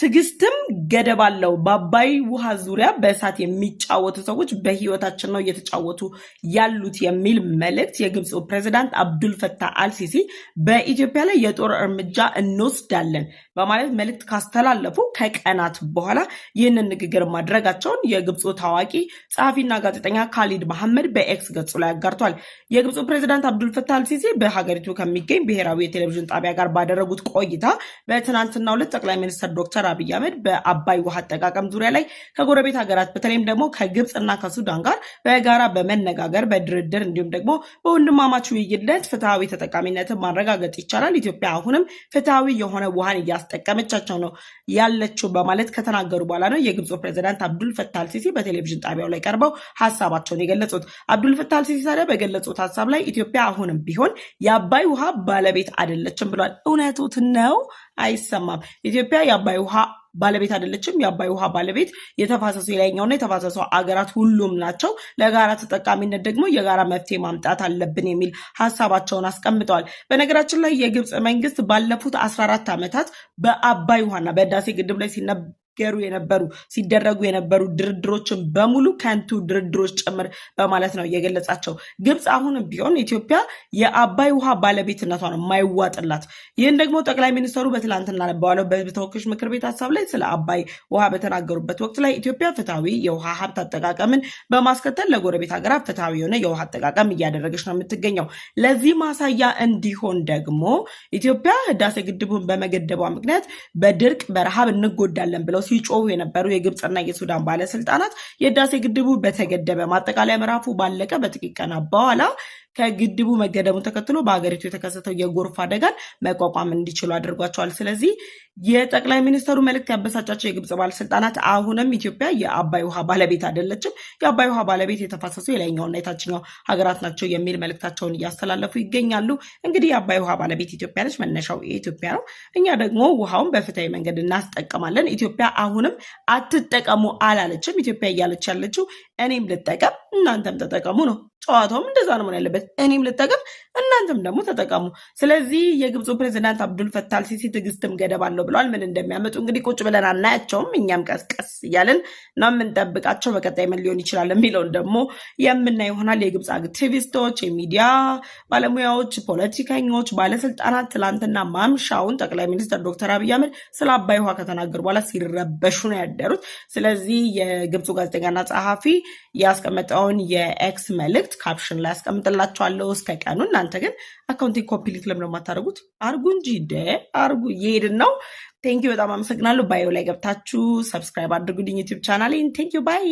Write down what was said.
ትግስትም ገደብ አለው። በአባይ ውሃ ዙሪያ በእሳት የሚጫወቱ ሰዎች በህይወታችን ነው እየተጫወቱ ያሉት የሚል መልእክት የግብፁ ፕሬዚዳንት አብዱልፈታ አልሲሲ በኢትዮጵያ ላይ የጦር እርምጃ እንወስዳለን በማለት መልእክት ካስተላለፉ ከቀናት በኋላ ይህንን ንግግር ማድረጋቸውን የግብፁ ታዋቂ ጸሐፊና ጋዜጠኛ ካሊድ መሐመድ በኤክስ ገጹ ላይ አጋርቷል። የግብፁ ፕሬዚዳንት አብዱል አልሲሲ በሀገሪቱ ከሚገኝ ብሔራዊ የቴሌቪዥን ጣቢያ ጋር ባደረጉት ቆይታ በትናንትና ሁለት ጠቅላይ ሚኒስትር ዶክተር ዶክተር አብይ አህመድ በአባይ ውሃ አጠቃቀም ዙሪያ ላይ ከጎረቤት ሀገራት በተለይም ደግሞ ከግብፅ እና ከሱዳን ጋር በጋራ በመነጋገር በድርድር እንዲሁም ደግሞ በወንድማማች ውይይነት ፍትሐዊ ተጠቃሚነትን ማረጋገጥ ይቻላል፣ ኢትዮጵያ አሁንም ፍትሐዊ የሆነ ውሃን እያስጠቀመቻቸው ነው ያለችው በማለት ከተናገሩ በኋላ ነው የግብፁ ፕሬዚዳንት አብዱል ፈታህ አልሲሲ በቴሌቪዥን ጣቢያው ላይ ቀርበው ሀሳባቸውን የገለጹት። አብዱል ፈታህ አልሲሲ ታዲያ በገለጹት ሀሳብ ላይ ኢትዮጵያ አሁንም ቢሆን የአባይ ውሃ ባለቤት አይደለችም ብሏል። እውነቱት ነው አይሰማም። ኢትዮጵያ የአባይ ውሃ ውሃ ባለቤት አይደለችም። የአባይ ውሃ ባለቤት የተፋሰሱ የላይኛውና የተፋሰሱ አገራት ሁሉም ናቸው። ለጋራ ተጠቃሚነት ደግሞ የጋራ መፍትሄ ማምጣት አለብን የሚል ሀሳባቸውን አስቀምጠዋል። በነገራችን ላይ የግብፅ መንግስት ባለፉት አስራ አራት ዓመታት በአባይ ውሃና በህዳሴ ግድብ ላይ ሲነ ገሩ የነበሩ ሲደረጉ የነበሩ ድርድሮችን በሙሉ ከንቱ ድርድሮች ጭምር በማለት ነው የገለጻቸው። ግብፅ አሁንም ቢሆን ኢትዮጵያ የአባይ ውሃ ባለቤትነቷ ነው የማይዋጥላት። ይህን ደግሞ ጠቅላይ ሚኒስትሩ በትላንትና በዋለው በህዝብ ተወካዮች ምክር ቤት ሀሳብ ላይ ስለ አባይ ውሃ በተናገሩበት ወቅት ላይ ኢትዮጵያ ፍትሐዊ የውሃ ሀብት አጠቃቀምን በማስከተል ለጎረቤት ሀገራት ፍትሐዊ የሆነ የውሃ አጠቃቀም እያደረገች ነው የምትገኘው። ለዚህ ማሳያ እንዲሆን ደግሞ ኢትዮጵያ ህዳሴ ግድቡን በመገደቧ ምክንያት በድርቅ በረሃብ እንጎዳለን ብለው ሲጮሁ የነበሩ የግብፅና የሱዳን ባለስልጣናት የህዳሴ ግድቡ በተገደበ ማጠቃለያ ምዕራፉ ባለቀ በጥቂት ቀናት በኋላ ከግድቡ መገደቡን ተከትሎ በሀገሪቱ የተከሰተው የጎርፍ አደጋን መቋቋም እንዲችሉ አድርጓቸዋል። ስለዚህ የጠቅላይ ሚኒስትሩ መልእክት ያበሳጫቸው የግብፅ ባለስልጣናት አሁንም ኢትዮጵያ የአባይ ውሃ ባለቤት አይደለችም፣ የአባይ ውሃ ባለቤት የተፋሰሱ የላይኛውና የታችኛው ሀገራት ናቸው የሚል መልእክታቸውን እያስተላለፉ ይገኛሉ። እንግዲህ የአባይ ውሃ ባለቤት ኢትዮጵያ ነች፣ መነሻው የኢትዮጵያ ነው። እኛ ደግሞ ውሃውን በፍትሐዊ መንገድ እናስጠቀማለን። ኢትዮጵያ አሁንም አትጠቀሙ አላለችም። ኢትዮጵያ እያለች ያለችው እኔም ልጠቀም እናንተም ተጠቀሙ ነው። ጨዋታውም እንደዛ ነው መሆን ያለበት። እኔም ልጠቀም፣ እናንተም ደግሞ ተጠቀሙ። ስለዚህ የግብፁ ፕሬዚዳንት አብዱል ፈታህ አልሲሲ ትዕግስትም ገደብ አለው ብለዋል። ምን እንደሚያመጡ እንግዲህ ቁጭ ብለን አናያቸውም። እኛም ቀስቀስ እያለን ነው የምንጠብቃቸው። በቀጣይ ምን ሊሆን ይችላል የሚለውን ደግሞ የምናይ ይሆናል። የግብፅ አክቲቪስቶች፣ የሚዲያ ባለሙያዎች፣ ፖለቲከኞች፣ ባለስልጣናት ትላንትና ማምሻውን ጠቅላይ ሚኒስትር ዶክተር አብይ አህመድ ስለ አባይ ውሃ ከተናገሩ በኋላ ሲረበሹ ነው ያደሩት። ስለዚህ የግብፁ ጋዜጠኛና ጸሐፊ ያስቀመጠውን የኤክስ መልእክት ካፕሽን ላይ ያስቀምጥላችኋለሁ እስከ ቀኑ። እናንተ ግን አካውንቲንግ ሊንክ ለምን የማታደርጉት? አርጉ እንጂ ደ አርጉ። እየሄድን ነው። ቴንኪ በጣም አመሰግናለሁ። ባዮ ላይ ገብታችሁ ሰብስክራይብ አድርጉልኝ ዩቲዩብ ቻናሌን። ቴንኪ ባይ